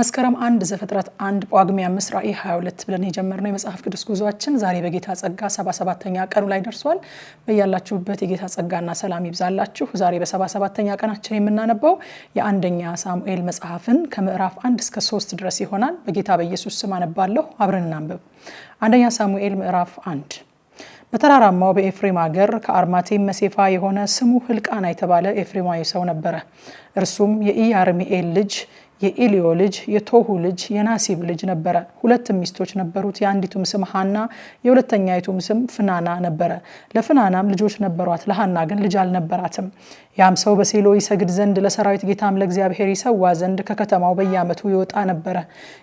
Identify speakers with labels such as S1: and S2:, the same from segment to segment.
S1: መስከረም አንድ ዘፍጥረት አንድ ጳጉሜ አምስት ራዕይ 22 ብለን የጀመርነው የመጽሐፍ ቅዱስ ጉዟችን ዛሬ በጌታ ጸጋ 77ተኛ ቀኑ ላይ ደርሷል። በያላችሁበት የጌታ ጸጋና ሰላም ይብዛላችሁ። ዛሬ በ77ተኛ ቀናችን የምናነበው የአንደኛ ሳሙኤል መጽሐፍን ከምዕራፍ አንድ እስከ ሶስት ድረስ ይሆናል። በጌታ በኢየሱስ ስም አነባለሁ። አብረን እናንብብ። አንደኛ ሳሙኤል ምዕራፍ አንድ በተራራማው በኤፍሬም አገር ከአርማቴም መሴፋ የሆነ ስሙ ህልቃና የተባለ ኤፍሬማዊ ሰው ነበረ። እርሱም የኢያርሚኤል ልጅ የኢልዮ ልጅ የቶሁ ልጅ የናሲብ ልጅ ነበረ። ሁለት ሚስቶች ነበሩት። የአንዲቱም ስም ሀና የሁለተኛይቱም ስም ፍናና ነበረ። ለፍናናም ልጆች ነበሯት፣ ለሀና ግን ልጅ አልነበራትም። ያም ሰው በሴሎ ይሰግድ ዘንድ ለሰራዊት ጌታም ለእግዚአብሔር ይሰዋ ዘንድ ከከተማው በየዓመቱ ይወጣ ነበረ።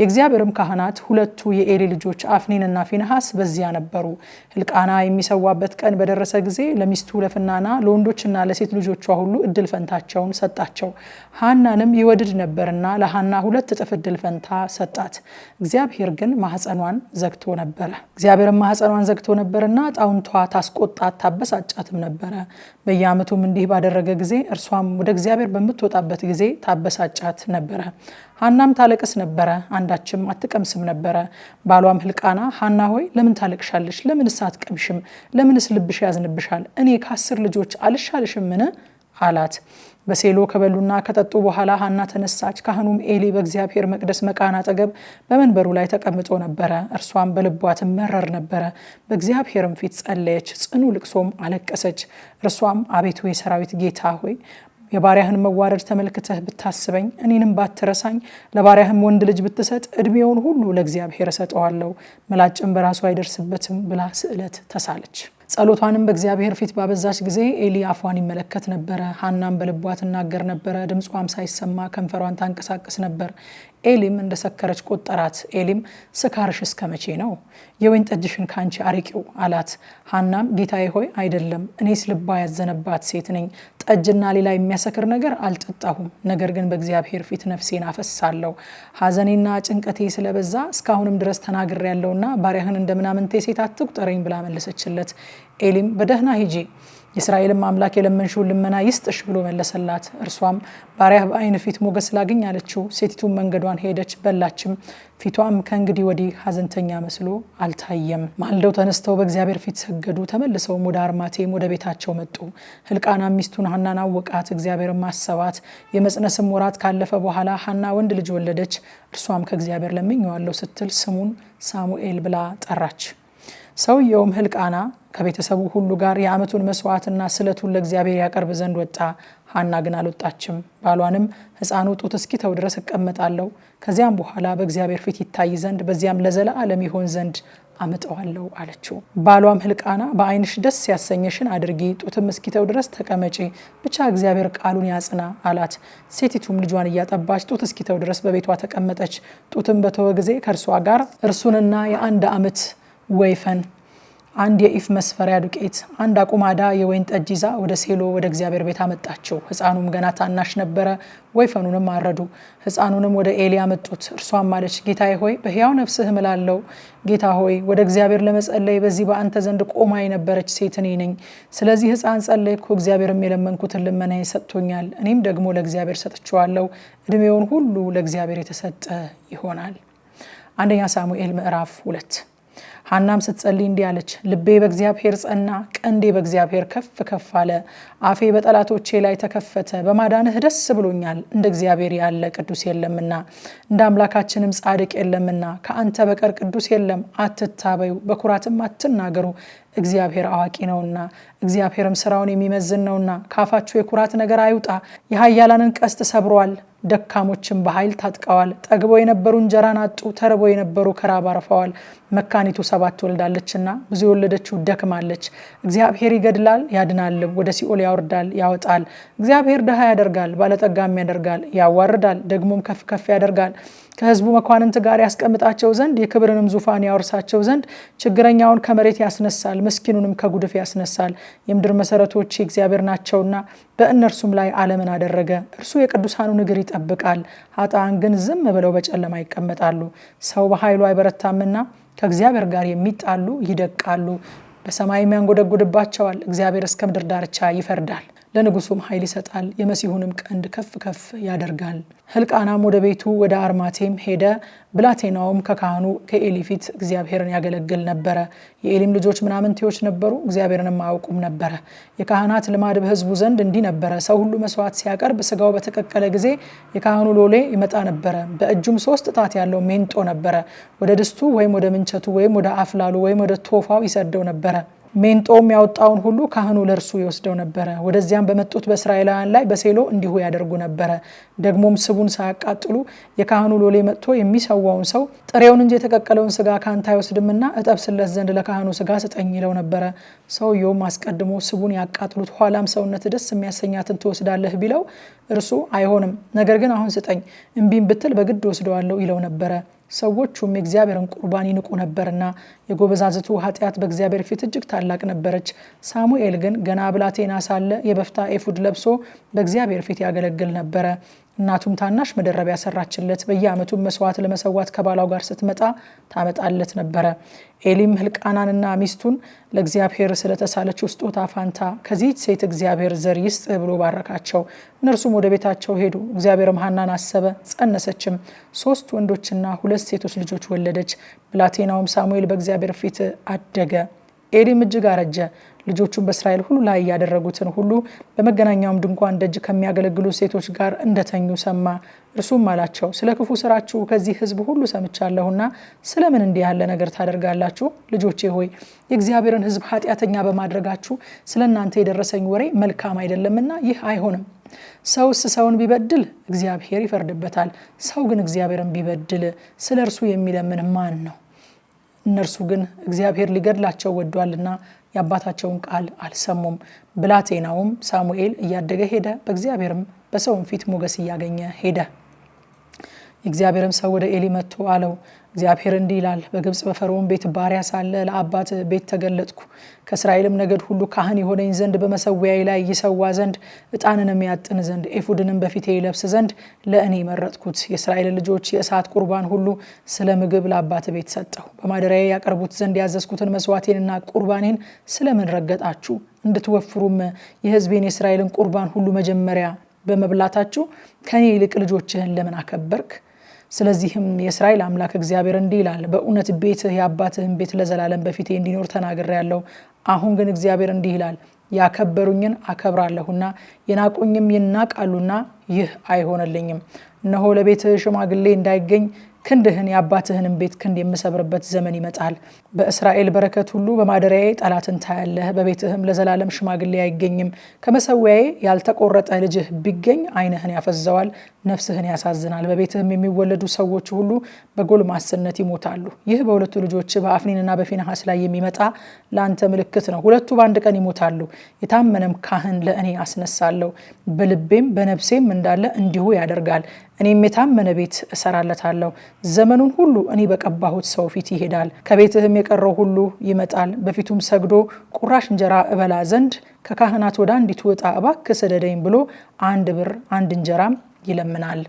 S1: የእግዚአብሔርም ካህናት ሁለቱ የኤሊ ልጆች አፍኒንና ፊንሐስ በዚያ ነበሩ። ህልቃና የሚሰዋበት ቀን በደረሰ ጊዜ ለሚስቱ ለፍናና ለወንዶችና ለሴት ልጆቿ ሁሉ እድል ፈንታቸውን ሰጣቸው። ሀናንም ይወድድ ነበርና ለሐና ሁለት እጥፍ እድል ፈንታ ሰጣት። እግዚአብሔር ግን ማህፀኗን ዘግቶ ነበረ። እግዚአብሔርን ማህፀኗን ዘግቶ ነበርና ጣውንቷ ታስቆጣት፣ ታበሳጫትም ነበረ። በየዓመቱም እንዲህ ባደረገ ጊዜ እርሷም ወደ እግዚአብሔር በምትወጣበት ጊዜ ታበሳጫት ነበረ። ሐናም ታለቅስ ነበረ፣ አንዳችም አትቀምስም ነበረ። ባሏም ህልቃና ሐና ሆይ ለምን ታለቅሻለሽ? ለምንስ አትቀምሽም? ለምንስ ልብሽ ያዝንብሻል? እኔ ከአስር ልጆች አልሻልሽምን? አላት። በሴሎ ከበሉና ከጠጡ በኋላ ሀና ተነሳች። ካህኑም ኤሊ በእግዚአብሔር መቅደስ መቃን አጠገብ በመንበሩ ላይ ተቀምጦ ነበረ። እርሷም በልቧ ትመረር ነበረ። በእግዚአብሔርም ፊት ጸለየች፣ ጽኑ ልቅሶም አለቀሰች። እርሷም አቤቱ የሰራዊት ጌታ ሆይ የባሪያህን መዋረድ ተመልክተህ ብታስበኝ እኔንም ባትረሳኝ ለባሪያህም ወንድ ልጅ ብትሰጥ እድሜውን ሁሉ ለእግዚአብሔር እሰጠዋለሁ፣ ምላጭም በራሱ አይደርስበትም ብላ ስዕለት ተሳለች። ጸሎቷንም በእግዚአብሔር ፊት ባበዛች ጊዜ ኤሊ አፏን ይመለከት ነበረ። ሀናም በልቧ ትናገር ነበረ፣ ድምጿም ሳይሰማ ከንፈሯን ታንቀሳቅስ ነበር። ኤሊም እንደሰከረች ቆጠራት። ኤሊም ስካርሽ እስከ መቼ ነው? የወይን ጠጅሽን ካንቺ አርቂው አላት። ሀናም ጌታዬ ሆይ አይደለም፣ እኔስ ልባ ያዘነባት ሴት ነኝ። ጠጅና ሌላ የሚያሰክር ነገር አልጠጣሁም። ነገር ግን በእግዚአብሔር ፊት ነፍሴን አፈሳለሁ። ሀዘኔና ጭንቀቴ ስለበዛ እስካሁንም ድረስ ተናግር ያለውና ባሪያህን እንደምናምንቴ ሴት አትቁጠረኝ ብላ መለሰችለት። ኤሊም በደህና ሂጂ የእስራኤልም አምላክ የለመንሽውን ልመና ይስጥሽ ብሎ መለሰላት። እርሷም ባሪያህ በዓይን ፊት ሞገስ ላግኝ አለችው። ሴቲቱን መንገዷን ሄደች፣ በላችም። ፊቷም ከእንግዲህ ወዲህ ሀዘንተኛ መስሎ አልታየም። ማልደው ተነስተው በእግዚአብሔር ፊት ሰገዱ። ተመልሰውም ወደ አርማቴም ወደ ቤታቸው መጡ። ህልቃና ሚስቱን ሀናን አወቃት፣ እግዚአብሔር ማሰባት። የመጽነስም ወራት ካለፈ በኋላ ሀና ወንድ ልጅ ወለደች። እርሷም ከእግዚአብሔር ለምኜዋለሁ ስትል ስሙን ሳሙኤል ብላ ጠራች። ሰውየውም ህልቃና ከቤተሰቡ ሁሉ ጋር የአመቱን መስዋዕትና ስለቱን ለእግዚአብሔር ያቀርብ ዘንድ ወጣ። ሀና ግን አልወጣችም። ባሏንም ህፃኑ ጡት እስኪተው ድረስ እቀመጣለሁ፣ ከዚያም በኋላ በእግዚአብሔር ፊት ይታይ ዘንድ በዚያም ለዘለዓለም ይሆን ዘንድ አምጠዋለው አለችው። ባሏም ህልቃና በዓይንሽ ደስ ያሰኘሽን አድርጊ፣ ጡትም እስኪተው ድረስ ተቀመጪ፣ ብቻ እግዚአብሔር ቃሉን ያጽና አላት። ሴቲቱም ልጇን እያጠባች ጡት እስኪተው ድረስ በቤቷ ተቀመጠች። ጡትም በተወ ጊዜ ከእርሷ ጋር እርሱንና የአንድ አመት ወይፈን፣ አንድ የኢፍ መስፈሪያ ዱቄት፣ አንድ አቁማዳ የወይን ጠጅ ይዛ ወደ ሴሎ ወደ እግዚአብሔር ቤት አመጣቸው። ሕፃኑም ገና ታናሽ ነበረ። ወይፈኑንም አረዱ፣ ሕፃኑንም ወደ ኤሊ አመጡት። እርሷም አለች፣ ጌታዬ ሆይ በሕያው ነፍስህ እምላለሁ። ጌታ ሆይ ወደ እግዚአብሔር ለመጸለይ በዚህ በአንተ ዘንድ ቆማ የነበረች ሴት እኔ ነኝ። ስለዚህ ሕፃን ጸለይኩ፣ እግዚአብሔርም የለመንኩትን ልመና ሰጥቶኛል። እኔም ደግሞ ለእግዚአብሔር ሰጥቼዋለሁ። እድሜውን ሁሉ ለእግዚአብሔር የተሰጠ ይሆናል። አንደኛ ሳሙኤል ምዕራፍ ሁለት ሀናም ስትጸልይ እንዲህ አለች፣ ልቤ በእግዚአብሔር ጸና፣ ቀንዴ በእግዚአብሔር ከፍ ከፍ አለ። አፌ በጠላቶቼ ላይ ተከፈተ፣ በማዳንህ ደስ ብሎኛል። እንደ እግዚአብሔር ያለ ቅዱስ የለምና፣ እንደ አምላካችንም ጻድቅ የለምና፣ ከአንተ በቀር ቅዱስ የለም። አትታበዩ፣ በኩራትም አትናገሩ፣ እግዚአብሔር አዋቂ ነውና እግዚአብሔርም ስራውን የሚመዝን ነውና ካፋችሁ የኩራት ነገር አይውጣ። የኃያላንን ቀስት ሰብሯል፣ ደካሞችን በኃይል ታጥቀዋል። ጠግበው የነበሩ እንጀራን አጡ፣ ተርበው የነበሩ ከራብ አርፈዋል። መካኒቱ ሰባት ትወልዳለችና ብዙ የወለደችው ደክማለች። እግዚአብሔር ይገድላል ያድናልም፣ ወደ ሲኦል ያወርዳል ያወጣል። እግዚአብሔር ድሃ ያደርጋል ባለጠጋም ያደርጋል፣ ያዋርዳል ደግሞም ከፍ ከፍ ያደርጋል። ከህዝቡ መኳንንት ጋር ያስቀምጣቸው ዘንድ የክብርንም ዙፋን ያወርሳቸው ዘንድ ችግረኛውን ከመሬት ያስነሳል፣ ምስኪኑንም ከጉድፍ ያስነሳል። የምድር መሰረቶች የእግዚአብሔር ናቸውና በእነርሱም ላይ ዓለምን አደረገ። እርሱ የቅዱሳኑን እግር ይጠብቃል፣ ኃጥአን ግን ዝም ብለው በጨለማ ይቀመጣሉ። ሰው በኃይሉ አይበረታምና ከእግዚአብሔር ጋር የሚጣሉ ይደቃሉ። በሰማይም ያንጎደጉድባቸዋል። እግዚአብሔር እስከ ምድር ዳርቻ ይፈርዳል። ለንጉሱም ኃይል ይሰጣል፣ የመሲሁንም ቀንድ ከፍ ከፍ ያደርጋል። ሕልቃናም ወደ ቤቱ ወደ አርማቴም ሄደ። ብላቴናውም ከካህኑ ከኤሊ ፊት እግዚአብሔርን ያገለግል ነበረ። የኤሊም ልጆች ምናምንቴዎች ነበሩ፣ እግዚአብሔርንም አያውቁም ነበረ። የካህናት ልማድ በሕዝቡ ዘንድ እንዲህ ነበረ። ሰው ሁሉ መስዋዕት ሲያቀርብ ስጋው በተቀቀለ ጊዜ የካህኑ ሎሌ ይመጣ ነበረ። በእጁም ሶስት ጣት ያለው ሜንጦ ነበረ። ወደ ድስቱ ወይም ወደ ምንቸቱ ወይም ወደ አፍላሉ ወይም ወደ ቶፋው ይሰደው ነበረ። ሜንጦም ያወጣውን ሁሉ ካህኑ ለእርሱ ይወስደው ነበረ። ወደዚያም በመጡት በእስራኤላውያን ላይ በሴሎ እንዲሁ ያደርጉ ነበረ። ደግሞም ስቡን ሳያቃጥሉ የካህኑ ሎሌ መጥቶ የሚሰዋውን ሰው ጥሬውን እንጂ የተቀቀለውን ስጋ ካንተ አይወስድምና እጠብስለት ዘንድ ለካህኑ ስጋ ስጠኝ ይለው ነበረ። ሰውየውም አስቀድሞ ስቡን ያቃጥሉት ኋላም ሰውነት ደስ የሚያሰኛትን ትወስዳለህ ቢለው እርሱ አይሆንም፣ ነገር ግን አሁን ስጠኝ፣ እምቢም ብትል በግድ ወስደዋለሁ ይለው ነበረ። ሰዎቹም የእግዚአብሔርን ቁርባን ይንቁ ነበርና የጎበዛዝቱ ኃጢአት በእግዚአብሔር ፊት እጅግ ታላቅ ነበረች። ሳሙኤል ግን ገና ብላቴና ሳለ የበፍታ ኤፉድ ለብሶ በእግዚአብሔር ፊት ያገለግል ነበረ። እናቱም ታናሽ መደረቢያ ሰራችለት። በየአመቱ መስዋዕት ለመሰዋት ከባላው ጋር ስትመጣ ታመጣለት ነበረ። ኤሊም ህልቃናንና ሚስቱን ለእግዚአብሔር ስለተሳለችው ስጦታ ፋንታ ከዚህች ሴት እግዚአብሔር ዘር ይስጥ ብሎ ባረካቸው። እነርሱም ወደ ቤታቸው ሄዱ። እግዚአብሔርም ሀናን አሰበ፣ ጸነሰችም፣ ሶስት ወንዶችና ሁለት ሴቶች ልጆች ወለደች። ብላቴናውም ሳሙኤል በእግዚአብሔር ፊት አደገ። ኤሊም እጅግ አረጀ፣ ልጆቹን በእስራኤል ሁሉ ላይ ያደረጉትን ሁሉ በመገናኛውም ድንኳን ደጅ ከሚያገለግሉ ሴቶች ጋር እንደተኙ ሰማ። እርሱም አላቸው፣ ስለ ክፉ ስራችሁ ከዚህ ሕዝብ ሁሉ ሰምቻለሁና ስለምን እንዲህ ያለ ነገር ታደርጋላችሁ? ልጆቼ ሆይ የእግዚአብሔርን ሕዝብ ኃጢአተኛ በማድረጋችሁ ስለ እናንተ የደረሰኝ ወሬ መልካም አይደለምና ይህ አይሆንም። ሰውስ ሰውን ቢበድል እግዚአብሔር ይፈርድበታል። ሰው ግን እግዚአብሔርን ቢበድል ስለ እርሱ የሚለምን ማን ነው? እነርሱ ግን እግዚአብሔር ሊገድላቸው ወዷልና የአባታቸውን ቃል አልሰሙም። ብላቴናውም ሳሙኤል እያደገ ሄደ፣ በእግዚአብሔርም በሰውም ፊት ሞገስ እያገኘ ሄደ። እግዚአብሔርም ሰው ወደ ኤሊ መጥቶ አለው፣ እግዚአብሔር እንዲህ ይላል፣ በግብፅ በፈርዖን ቤት ባሪያ ሳለ ለአባት ቤት ተገለጥኩ። ከእስራኤልም ነገድ ሁሉ ካህን የሆነኝ ዘንድ በመሰዊያዬ ላይ ይሰዋ ዘንድ እጣንንም ያጥን ዘንድ ኤፉድንም በፊቴ ይለብስ ዘንድ ለእኔ መረጥኩት። የእስራኤል ልጆች የእሳት ቁርባን ሁሉ ስለ ምግብ ለአባት ቤት ሰጠሁ። በማደሪያዬ ያቀርቡት ዘንድ ያዘዝኩትን መስዋዕቴንና ቁርባኔን ስለምን ረገጣችሁ? እንድትወፍሩም የህዝቤን የእስራኤልን ቁርባን ሁሉ መጀመሪያ በመብላታችሁ ከኔ ይልቅ ልጆችህን ለምን አከበርክ? ስለዚህም የእስራኤል አምላክ እግዚአብሔር እንዲህ ይላል፣ በእውነት ቤትህ የአባትህን ቤት ለዘላለም በፊቴ እንዲኖር ተናግሬያለሁ። አሁን ግን እግዚአብሔር እንዲህ ይላል፣ ያከበሩኝን አከብራለሁና የናቁኝም ይናቃሉና ይህ አይሆንልኝም። እነሆ ለቤትህ ሽማግሌ እንዳይገኝ ክንድህን የአባትህንም ቤት ክንድ የምሰብርበት ዘመን ይመጣል። በእስራኤል በረከት ሁሉ በማደሪያዬ ጠላትን ታያለህ። በቤትህም ለዘላለም ሽማግሌ አይገኝም። ከመሰዊያዬ ያልተቆረጠ ልጅህ ቢገኝ ዓይንህን ያፈዘዋል፣ ነፍስህን ያሳዝናል። በቤትህም የሚወለዱ ሰዎች ሁሉ በጎልማስነት ይሞታሉ። ይህ በሁለቱ ልጆች በአፍኒንና በፊንሐስ ላይ የሚመጣ ለአንተ ምልክት ነው። ሁለቱ በአንድ ቀን ይሞታሉ። የታመነም ካህን ለእኔ አስነሳለሁ፣ በልቤም በነፍሴም እንዳለ እንዲሁ ያደርጋል። እኔም የታመነ ቤት እሰራለታለሁ። ዘመኑን ሁሉ እኔ በቀባሁት ሰው ፊት ይሄዳል። ከቤትህም የቀረው ሁሉ ይመጣል፣ በፊቱም ሰግዶ ቁራሽ እንጀራ እበላ ዘንድ ከካህናት ወደ አንዲቱ ዕጣ እባክህ ስደደኝ ብሎ አንድ ብር አንድ እንጀራም ይለምናል።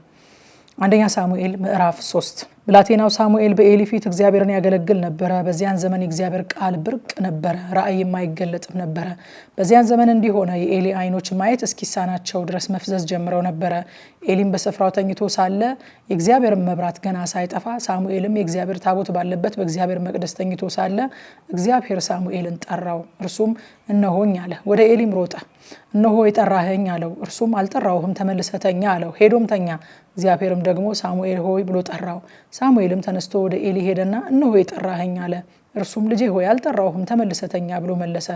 S1: አንደኛ ሳሙኤል ምዕራፍ 3 ብላቴናው ሳሙኤል በኤሊ ፊት እግዚአብሔርን ያገለግል ነበረ። በዚያን ዘመን የእግዚአብሔር ቃል ብርቅ ነበረ፣ ራእይ የማይገለጥም ነበረ። በዚያን ዘመን እንዲሆነ የኤሊ አይኖች ማየት እስኪሳናቸው ድረስ መፍዘዝ ጀምረው ነበረ። ኤሊም በስፍራው ተኝቶ ሳለ የእግዚአብሔርን መብራት ገና ሳይጠፋ፣ ሳሙኤልም የእግዚአብሔር ታቦት ባለበት በእግዚአብሔር መቅደስ ተኝቶ ሳለ እግዚአብሔር ሳሙኤልን ጠራው። እርሱም እነሆኝ አለ። ወደ ኤሊም ሮጠ፣ እነሆ የጠራኸኝ አለው። እርሱም አልጠራውህም፣ ተመልሰተኛ አለው። ሄዶም ተኛ። እግዚአብሔርም ደግሞ ሳሙኤል ሆይ ብሎ ጠራው። ሳሙኤልም ተነስቶ ወደ ኤሊ ሄደና እነሆ የጠራኸኝ አለ። እርሱም ልጄ ሆይ አልጠራሁህም ተመልሰተኛ ብሎ መለሰ።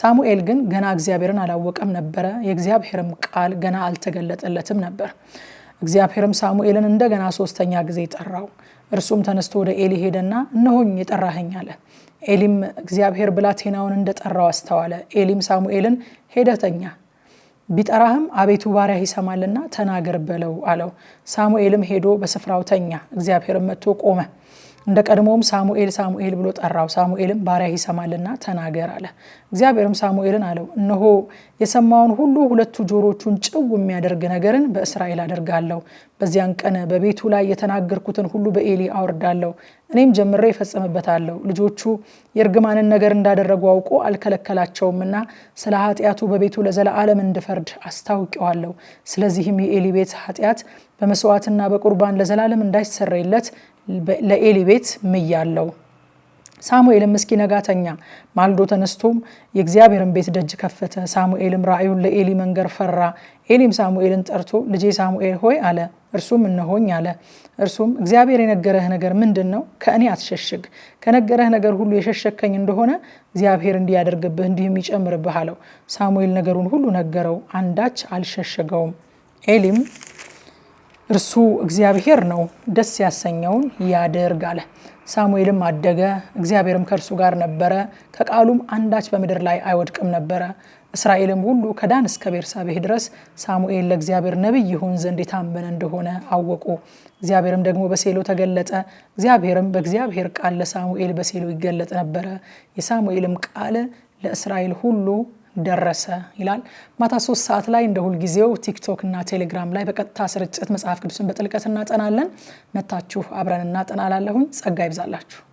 S1: ሳሙኤል ግን ገና እግዚአብሔርን አላወቀም ነበረ፣ የእግዚአብሔርም ቃል ገና አልተገለጠለትም ነበር። እግዚአብሔርም ሳሙኤልን እንደገና ሶስተኛ ጊዜ ጠራው። እርሱም ተነስቶ ወደ ኤሊ ሄደና እነሆኝ የጠራኸኝ አለ። ኤሊም እግዚአብሔር ብላቴናውን እንደጠራው አስተዋለ። ኤሊም ሳሙኤልን ሄደተኛ ቢጠራህም አቤቱ ባሪያ ይሰማልና ተናገር በለው አለው። ሳሙኤልም ሄዶ በስፍራው ተኛ፣ እግዚአብሔርም መጥቶ ቆመ። እንደ ቀድሞውም ሳሙኤል ሳሙኤል ብሎ ጠራው። ሳሙኤልም ባሪያ ይሰማልና ተናገር አለ። እግዚአብሔርም ሳሙኤልን አለው፣ እነሆ የሰማውን ሁሉ ሁለቱ ጆሮቹን ጭው የሚያደርግ ነገርን በእስራኤል አደርጋለሁ። በዚያን ቀን በቤቱ ላይ የተናገርኩትን ሁሉ በኤሊ አወርዳለሁ፣ እኔም ጀምሬ ይፈጸምበታለሁ። ልጆቹ የእርግማንን ነገር እንዳደረጉ አውቆ አልከለከላቸውምና ስለ ኃጢአቱ በቤቱ ለዘለዓለም እንድፈርድ አስታውቀዋለሁ። ስለዚህም የኤሊ ቤት ኃጢአት በመስዋዕትና በቁርባን ለዘላለም እንዳይሰረይለት ለኤሊ ቤት ምያለው። ሳሙኤልም እስኪ ነጋተኛ ማልዶ ተነስቶም የእግዚአብሔርን ቤት ደጅ ከፈተ። ሳሙኤልም ራእዩን ለኤሊ መንገር ፈራ። ኤሊም ሳሙኤልን ጠርቶ ልጄ ሳሙኤል ሆይ አለ። እርሱም እነሆኝ አለ። እርሱም እግዚአብሔር የነገረህ ነገር ምንድን ነው? ከእኔ አትሸሽግ። ከነገረህ ነገር ሁሉ የሸሸከኝ እንደሆነ እግዚአብሔር እንዲያደርግብህ እንዲህም ይጨምርብህ አለው። ሳሙኤል ነገሩን ሁሉ ነገረው፣ አንዳች አልሸሸገውም። ኤሊም እርሱ እግዚአብሔር ነው፣ ደስ ያሰኘውን ያድርግ አለ። ሳሙኤልም አደገ፣ እግዚአብሔርም ከእርሱ ጋር ነበረ፣ ከቃሉም አንዳች በምድር ላይ አይወድቅም ነበረ። እስራኤልም ሁሉ ከዳን እስከ ቤርሳቤህ ድረስ ሳሙኤል ለእግዚአብሔር ነቢይ ይሁን ዘንድ የታመነ እንደሆነ አወቁ። እግዚአብሔርም ደግሞ በሴሎ ተገለጠ። እግዚአብሔርም በእግዚአብሔር ቃል ለሳሙኤል በሴሎ ይገለጥ ነበረ። የሳሙኤልም ቃል ለእስራኤል ሁሉ ደረሰ ይላል። ማታ ሶስት ሰዓት ላይ እንደ ሁልጊዜው ቲክቶክ እና ቴሌግራም ላይ በቀጥታ ስርጭት መጽሐፍ ቅዱስን በጥልቀት እናጠናለን። መታችሁ አብረን እናጠናላለሁኝ። ጸጋ ይብዛላችሁ።